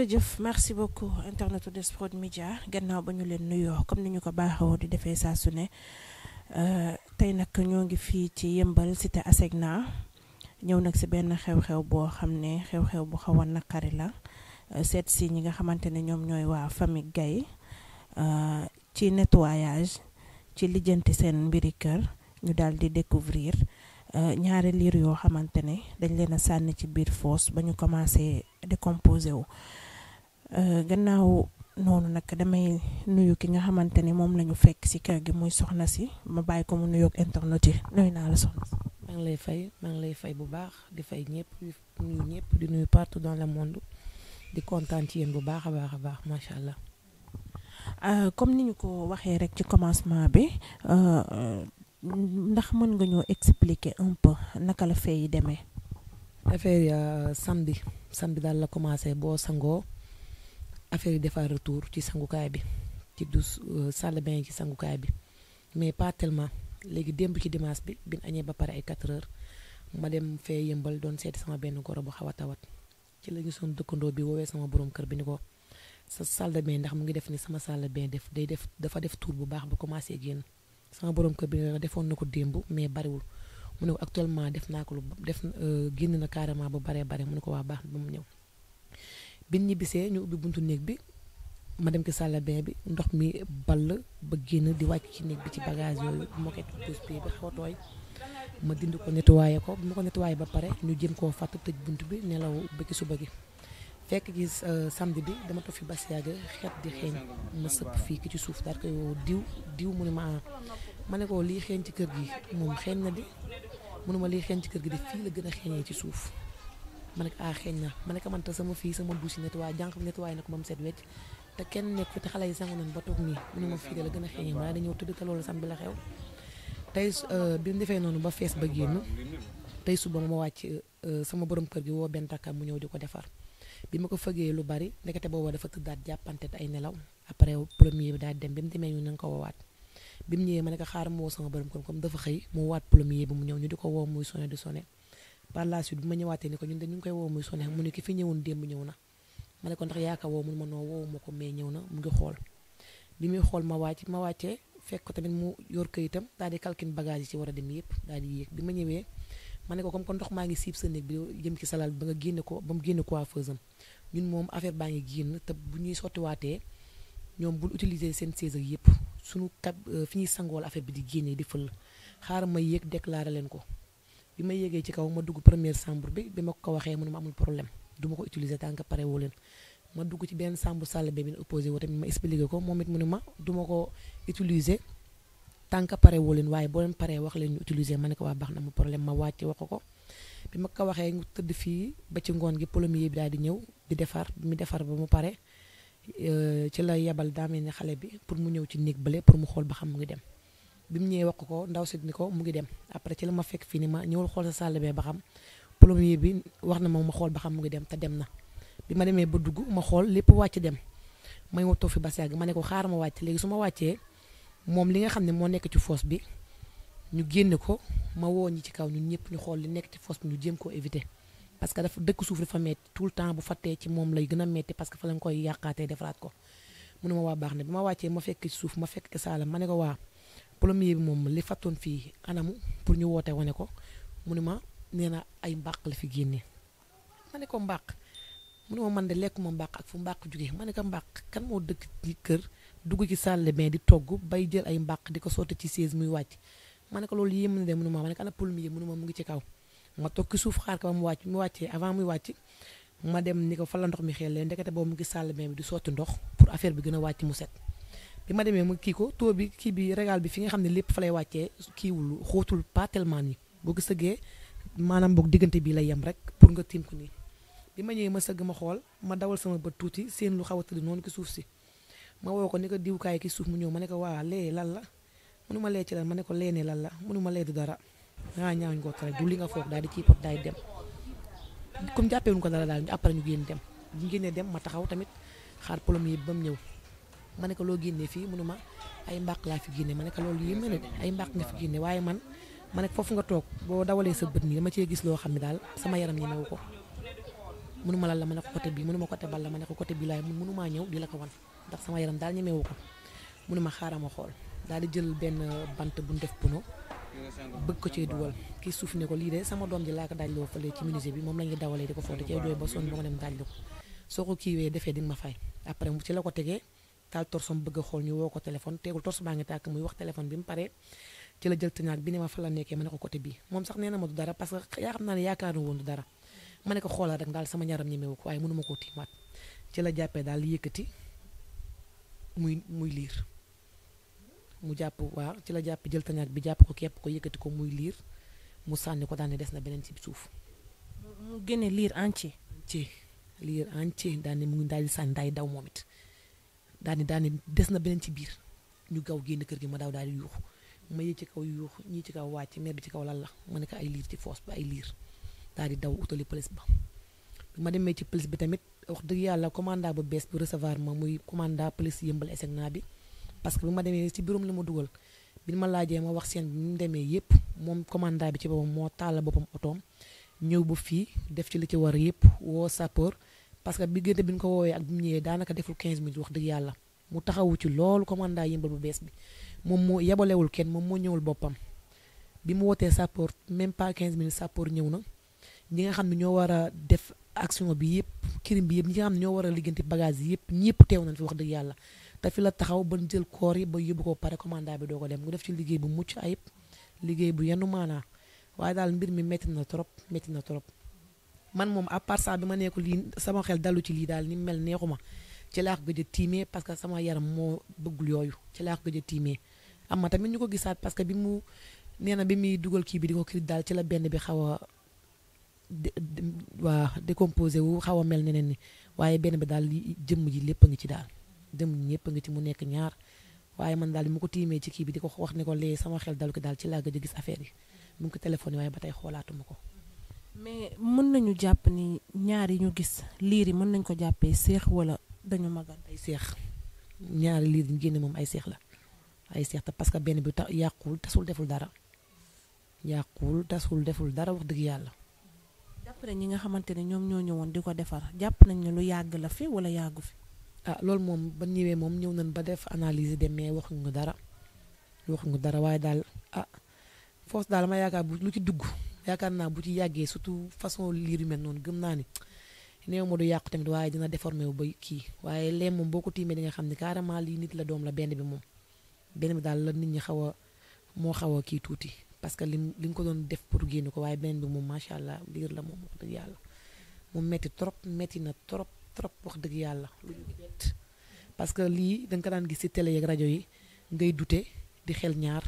jërëjëf merci beaucoup internetu DS Prod Media gannaaw ba ñu leen nuyoo comme ni ñu ko baaxoo di defee saa su ne euh, tey nag ñoo ngi fii ci yëmbal cité Asegna ñëw nag si benn xew-xew boo xam ne xew-xew bu xaw a naqari la euh, seet si ñi nga xamante ne ñoom ñooy waa famille Gaye euh, ci nettoyage ci lijjanti seen mbiri kër ñu daal di découvrir ñaari liir yoo xamante ne dañ leen a sànni ci biir foos ba ñu commencé décomposé wu Euh, gannaaw noonu nag damay nuyu ki nga xamante ni moom la ñu fekk si kër gi muy soxna si ma bàyyi ko mu nuyoog internet yi naa la soxna si. maa ngi lay fay maa ngi lay fay bu baax di fay ñëpp di nuyu ñëpp di nuyu partout dans le monde di kontaan ci yéen bu baax a baax a baax macha allah. Euh, comme ni ñu ko waxee rek ci commencement bi euh, ndax mën nga ñoo expliquer un naka la fee yi demee. affaire samedi samedi daal la commencé boo sangoo. affaire yi defar retour ci sangukaay bi ci du euh, salle de bain ci sangukaay bi mais pas tellement léegi démb ci dimanche bi bin añee ba pare ay 4 heures ma dem fee yëmbal doon seeti sama benn goro bu xaw a tawat ci la gisoon dëkkandoo bi woowee sama borom kër bi ni ko sa salle de ndax mu ngi def ni sama salle de def day def dafa def tour bu baax ba commencé génn sama borom kër bi defoon na ko démb mais bariwul mu ne ko actuellement def naa ko lu def euh, génn na carrément bu baree bare mu ko waa baax mu ñëw. bi ñibbisee ñu ubbi buntu néeg bi ma dem ci salle bain bi ndox mi ball ba génn di wàcc ci néeg bi ci bagage yooyu moquette pousse ma dindi ko nettoyé ko bi ba pare ñu jëm koo fàtt tëj bunt bi nelaw ba ci suba gi fekk gi euh, samedi bi dama toog fi bas yàgg xeet di xeeñ ma sëpp fii ki ci suuf daal koy woo diw diw mu ne ma ma ne ko lii xeeñ ci kër gi moom xeeñ na di mu ne ma lii xeeñ ci kër gi de fii la gën a xeeñee ci suuf ma ne ko ah xeeñ na ma ne ko man te sama fii sama douche nettoyé jànq bi nettoyé na ko moom set wecc te kenn nekk te xale yi sangu nañ ba toog nii mu ne ma fii de gën a xeeñee ma dañoo tëdd euh, bi mu defee noonu ba fees ba génn tey suba ma wàcc euh, sama borom kër gi woo benn mu ñëw di ko defar bi ma ko fëgee lu bari ndekete booba dafa tëddaat jàppante nelaw après premier bi daal dem bi na ko woowaat bi mu ñëwee ma ne ko xaaral ma woo sama borom kër comme dafa xëy mu waat premier bi mu ñëw ñu di ko woo muy sonné di sonné par la suite bu ma ñëwaatee ni ko ñu ngi koy woo muy sone mu ne ki fi ñëwoon démb ñëw na ma ne ko ndax yaaka woo mun ma noo woowu ma ko mais ñëw na mu ngi xool bi muy xool ma wàcc ma wàccee fekk ko tamit mu yor këyitam daal di calcul bagage yi ci war a dem yëpp daal di yéeg bi ma ñëwee ma ne ko kom kon ndox maa ngi siib sa néeg bi jëm ci salal ba nga génne ko ba mu génne coiffeuse am ñun moom affaire baa ngi génn te bu ñuy sotti waatee ñoom bul utiliser seen chaise ak yëpp suñu kab euh, fi ñuy sangool affaire bi di génne di fël ma yéeg déclaré leen ko bi ma yéegee ci kaw ma dugg première chambre bi bi ma ko waxee mu ne ma amul problème du ma ko utiliser tant que pare woo leen ma dugg ci benn chambre salle bi opposé woo tamit ma ko moom mu ne ma du ma ko utiliser tant que pare leen waaye boo leen paree wax leen ñu ma ne ko waa baax na mu problème ma wàcc wax ko bi ma ko waxee mu tëdd fii ba ci ngoon gi plombier bi daal di ñëw di defar mi defar ba mu pare euh, ci la yebal daa mel ni xale bi pour mu ñëw ci néeg bële pour mu xool ba xam mu ngi dem. bi mu ñëwee wax ko ndaw si ni ko mu ngi dem après ci la ma fekk fii ni ma ñëwul xool sa salle bee ba xam bi wax na ma ma xool ba xam mu ngi dem te dem na bi ma demee ba dugg ma xool lépp wàcc dem may ma ba sàgg ma ne ko xaar ma wàcc léegi su ma wàccee moom li nga xam ne moo nekk ci fosse bi ñu génne ko ma ci kaw ñëpp ñu xool li nekk ci fosse bi ñu jéem koo éviter parce que dafa dëkk suuf dafa tout le temps bu fattee ci moom lay gën a metti fa lañ koy yàqaatee defaraat ko mu ma waa baax na bi wàccee ma fekk suuf ma fekk saala ma ne ko waa premier bi moom li fattoon fii anamu pour ñu woote wane ko mu ne ma nee na ay mbaq la fi génne ma ne ko mbaq mu ne ma man de lekkuma mbaq ak fu mbàq jóge ma ne ko mbaq kan moo dëkk ci kër dugg ci salle de togg bay jël di ko sotti ci chaise muy wàcc ma ne ko loolu yéem na de mu ne ma ma ne ko ana premier mu ne ma mu ngi ci kaw ma toog ci suuf xaar ko ba mu wàcc mu wàccee avant muy wàcc ma dem ni ko fa ndox mi xel leen ndekete boobu mu ngi salle de bain bi di sotti ndox pour affaire bi gën a wàcc mu set bi ma demee ma kii ko taux bi kii bi régal bi fi nga xam ne lépp fa lay wàccee kiiwul xóotul pas tellement nii boo ko sëggee maanaam boog diggante bi la yem rek pour nga tiim ko nii bi ma ñëwee ma sëgg ma xool ma dawal sama bët tuuti seen lu xaw a tëdd noonu ki suuf si ma woo ko ni ko diwkaay ki suuf mu ñëw ma ne ko waa lee lan la mënu ma lee ci lan ma ne ko leenee ne lan la mënu ma lee du dara dangaa ñaaw ñu ko tere li nga foog daal di ci daay dem comme jàppee wuñ ko dara daal après ñu génn dem ñu génnee dem ma taxaw tamit xaar plombier bi ba mu ñëw ma ne loo génne fii mënu ma ay mbàq laa fi génne ma ne ko loolu yéeme na de ay mbàq nga fi génne waaye man ma ne foofu nga toog boo dawalee sa bët nii dama cee gis loo xam ne daal sama yaram ñemewu ko mënuma lan la ma ne ko côté bi mënuma côté bal la ma ne ko côté bi laay mënumaa ñëw di la ko wan ndax sama yaram daal ñemewu ko mënuma xaaral ma xool daal di jël benn bant bu def puno bëgg ko cee dugal kii suuf ne ko lii de sama doom ji laa bi moom la ñuy dawalee di ko foote cee doy ba sonn ba ma ko kiiwee defee di ma fay après ci la ko tegee taal torsom bëgg a xool ñu woo ko téléphone teegul tors baa ngi tàkk muy wax téléphone bi mu paree ci la jël tëñaak bi ne ma fa la nekkee ma ne ko côté bii moom sax nee na ma du dara parce que yaa xam naa ne yaakaar woon du ne ko xoolal rek daal sama ñaram ñemewu ko waaye mënu ma koo tiimaat ci la jàppee daal yëkkati muy muy liir mu jàpp waaw ci la jàpp jël tañaak bi jàpp ko képp ko yëkkati ko muy liir mu sànni ko daal ne des na beneen ci suuf. mu génne liir entier. entier liir entier daal ne mu daal di sànni daay daw moom it. daani daani des na beneen ci biir ñu gaaw génn kër gi ma daaw daal di yuuxu ma yëg ci kaw yuux ñii ci kaw wàcc mer bi ci kaw lan la ma ne ay liir ci foos ba ay liir daal di daw utali police ba bi ma demee ci police bi tamit wax dëgg yàlla commandant bu bees bi resevoir ma muy commandant police yëmbal eseg naa bi parce que bi ma demee ci bureau la ma dugal bi ma laajee ma wax seen bi mu demee yëpp moom commandant bi ci boppam moo taal boppam otoom ñëw bu fii def ci li ci war yëpp woo sapeur parce que diggante bi ñu ko woowee ak bi mu ñëwee daanaka deful 15 minutes wax dëgg yàlla mu taxawu ci loolu commanda yëmbal bu bees bi moom moo yebalewul kenn moom moo ñëwul boppam bi mu wootee sàppoor même pas 15 minutes sàppoor ñëw na ñi nga xam ne ñoo war a def action bi yëpp crime bi yëpp ñi nga xam ne ñoo war a liggéenti bagage yëpp ñëpp teew nañ fi wax dëgg yàlla te fi la taxaw ba jël koor yi ba yóbbu ko pare commanda bi doo ko dem mu def ci liggéey bu mucc ayib liggéey bu yenn maanaa waaye daal mbir mi métti na trop métti na trop man moom à part ça bi ma nekku lii sama xel dalu ci lii daal ni mel neexuma ci laa ko gëj a tiimee parce que sama yaram moo bëggul yooyu ci laa ko gëj a tiimee am na tamit ñu ko gisaat parce que bi mu nee na bi muy dugal kii bi di ko daal ci la benn bi xaw a waa décomposé wu xaw a mel neneen ni waaye benn bi daal jëmm ji lépp a ngi ci daal jëmm ji ñëpp a mu nekk ñaar waaye man daal bi mu ko tiimee ci kii bi di ko wax ne ko lee sama xel dalu ko daal ci laa gëj a gis affaire yi mu ngi ko téléphoné waaye ba tey xoolaatuma ko mais mën nañu jàpp ni ñaar yi ñu gis liir yi mën nañ ko jàppee seex wala dañu magal ay seex ñaari liir yi ñu génne moom ay seex la ay seex te parce que benn bi ta yàquwul tasul deful dara yàquwul tasul deful dara wax dëgg yàlla. d'après ñi nga xamante ne ñoom ñoo ñëwoon di ko defar jàpp nañ ne lu yàgg la fi wala yàggu fi. ah loolu moom ba ñëwee moom ñëw nañ ba def analyse de mais waxuñu dara waxuñu dara waaye daal ah force daal ma yaakaar bu lu ci dugg. yaakaar naa bu ci yàggee surtout façon liir yu mel noonu gëm naa ni néew ma du yàqu tamit waaye dina déformé wu ba kii waaye lee moom boo ko tiimee di nga xam ne carrément lii nit la doom la benn bi moom benn bi daal la nit ñi xaw a moo xaw a kii tuuti parce que lim li nga ko doon def pour génn ko waaye benn bi moom macha allah liir la moom wax dëgg yàlla mu metti trop metti na trop trop wax dëgg yàlla lu que lii danga ko daan gis ci télé yeeg rajo yi ngay dute di xel ñaar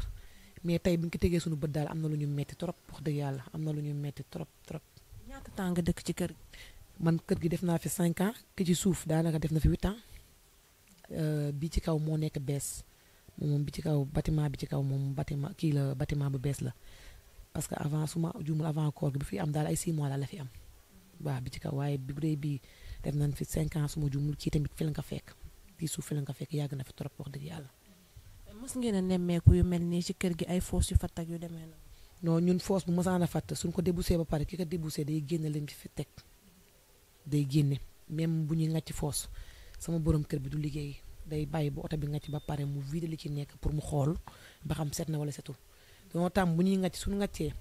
mais tey bi ñu ko tegee suñu bët daal am na lu ñu metti trop wax dëgg yàlla lu ñu metti trop trop. ñaata temps nga dëkk ci kër man kër gi def naa fi 5 ans ki ci suuf daanaka def na fi 8 ans euh, bi ci kaw moo nekk bees moom bi ci kaw bâtiment bi ci kaw moom bâtiment kii la bâtiment bu bees la parce que avant su ma juumul avant koor gi bu fi am daal ay 6 mois daal la fi am. waaw bi ci kaw waaye bi bu dee bii def nañ fi 5 ans su ma juumul kii tamit fi la nga fekk kii suuf fi la nga fekk yàgg na fi trop wax dëgg yàlla. mës ngeen a nemmeeku yu mel nii ci kër gi ay foos yu fatt ak yu demee noonu. non ñun foos bu mësaan a fatt suñ ko débouché ba pare ki ko débouché day génne leen ci fi teg day génne même bu ñuy ngàcc foos sama borom kër bi du liggéey day bàyyi ba oto bi ngàcc ba pare mu vidé li ci nekk pour mu xool ba xam set na wala setul dañoo tam bu ñuy ngàcc suñu ngàccee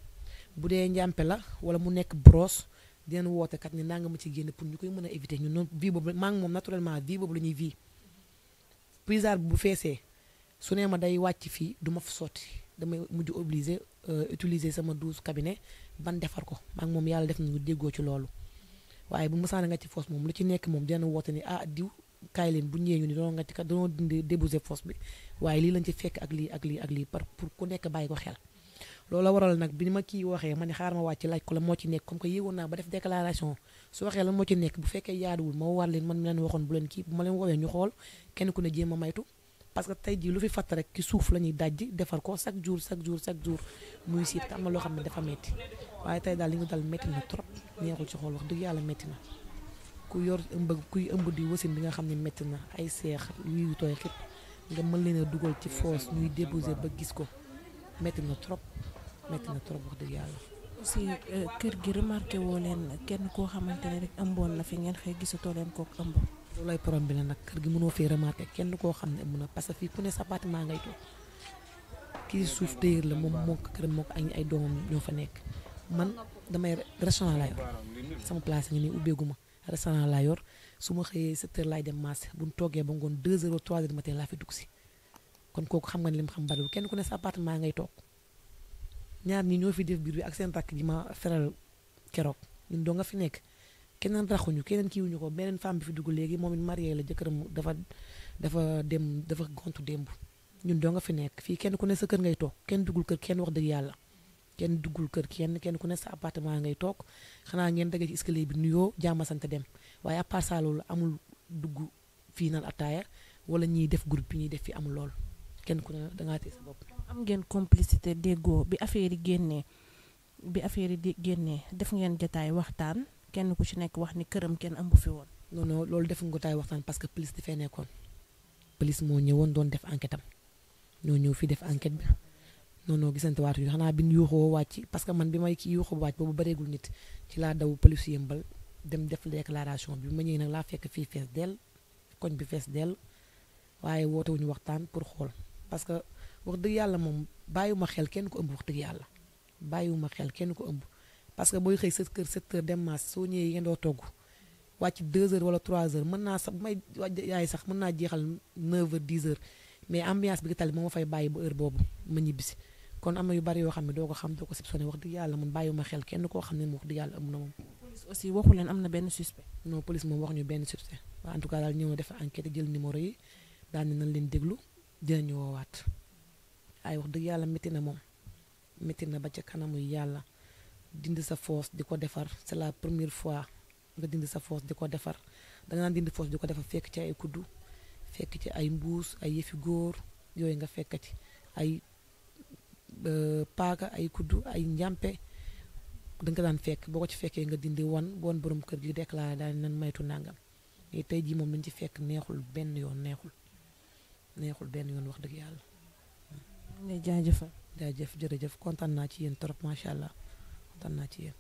bu dee njàmpe la wala mu nekk brosse dinañ woote kat ni nanga ma ci génne pour ñu koy mën a éviter ñun noonu vie boobu maa ngi moom naturellement vie boobu la ñuy vie puisard bu feesee. su nee ma day wàcc fii du ma fa sotti damay mujj obligé euh, utiliser sama douze cabinet ban defar ko maak moom yàlla def nañu déggoo ci loolu waaye bu mësaana nga ci foos moom lu ci nekk moom dina woote ni ah diw kaay leen bu ñëwee ñu ni doon nga dindi débousé foos bi waaye lii lañ ci fekk ak lii ak lii ak lii par pour ku nekk bàyyi ko xel loolu la waral nag bi ma kii waxee ma ne xaar ma wàcc laaj ko la moo ci nekk comme que yéegoon naa ba def déclaration su waxee la moo ci nekk bu fekkee jaaduwul ma war leen man mi leen waxoon bu leen kii bu ma leen woowee xool kenn ku ne jéem a maytu parce que tey jii lu fi fatt rek ci suuf la ñuy dajji defar ko chaque jour chaque jour chaque jour muy siit te loo xam ne dafa metti waaye tey daal li ñu dal metti na trop neexul ci xool wax dëgg yàlla metti na ku yor ëmb kuy ëmb di wasin bi nga xam ne metti na ay seex yuy tooy xit nga mën leen a dugal ci foos ñuy déposer ba gis ko metti na trop metti na trop wax dëgg yàlla. aussi euh, kër gi remarqué woo leen kenn koo xamante ne rek ëmboon na fi ngeen xëy gisatoo leen kook ëmb. loolay problème bi la nag kër gi mënoo fee remarqué kenn koo xam ne mën a parce que fii ku ne sa appartement ngay toog suuf la moo ko këram moo ay doomam ñoo fa nekk man damay restaurant laa yor sama place ngi nii ubbeegu ma restaurant laa yor su ma xëyee sept laay dem marché bu ñu ba ngoon deux heures ou trois heures fi dugg si kon kooku xam nga li xam bariwul kenn ku ne sa appartement ngay toog ñaar ñi ñoo fi def biir bi ak seen rakk ji ma feral keroog ñun doo nga fi nekk keneen raxuñu keneen kiiwuñu ko beneen femme bi fi dugg léegi moom it marié la jëkkëram dafa dafa dem dafa gontu démb ñun doo nga fi nekk fii kenn ku ne sa kër ngay toog kenn duggul kër kenn wax dëgg yàlla kenn duggul kër kenn kenn ku ne sa appartement ngay toog xanaa ngeen daggee ci escalier bi nuyoo jàmm sant dem waaye à part amul dugg fii naan attaaya wala ñiy def groupe bi ñuy def fi amul loolu kenn ku ne dangaa téye sa bopp. am ngeen complicité déggoo bi affaire yi génnee bi affaire yi génnee def ngeen jotaay waxtaan. kenn ku ci nekk wax ni këram kenn ëmb fi woon. non loolu defuñ ko taay waxtaan parce que police dafay nekkoon police moo ñëwoon doon def enquête am ñoo ñëw fii def enquête bi non non gisante waatuñu xanaa bi ñu yuuxoo wàcc parce que man bi may kii yuuxoo wàcc boobu bareegul nit ci laa daw police yëmbal dem def déclaration bi ma ñëwee nag laa fekk fii fees dell koñ bi fees dell waaye woote wuñu waxtaan pour xool parce que wax dëgg yàlla moom bàyyiwuma xel kenn ko ëmb wax dëgg yàlla bàyyiwuma xel kenn ko ëmb. parce que booy xëy sa kër 7 heures dem maas soo ñëwee ngeen doo togg wàcc 2 heures wala 3 heures mën naa sax bu may yaay sax mën naa jeexal 9 heures 10 heures mais ambiance bi nga tali moo ma fay bàyyi ba heure boobu ma ñibbisi kon am na yu bari yoo xam ne doo ko xam doo ko soupçonné wax dëgg yàlla man bàyyiwuma xel kenn koo xam ne wax dëgg yàlla am na moom. police aussi waxu leen am na benn suspect. non police moom waxuñu benn suspect waaw en tout cas daal ñëw na def enquête jël numéro nañ leen déglu dinañu woowaat ay wax dëgg yàlla métti na moom métti na ba ca kanamu yàlla dindi sa foos di ko defar c'est la première fois nga dindi sa foos di ko defar da nga dindi foos di ko defar fekk ci ay kuddu fekk ci ay mbuus ay yëfi góor yooyu nga fekk ci ay euh, paaka ay kuddu ay njàmpe danga daan fekk boo ko ci fekkee nga dindi wan woon borom kër gi déclaré daal nan maytu ndàngam mais tey jii moom lañ ci fekk neexul benn yoon neexul neexul benn yoon wax dëgg yàlla. a jaajëf jaajëf jërëjëf kontaan naa ci yéen trop macha allah. kontaan naa ci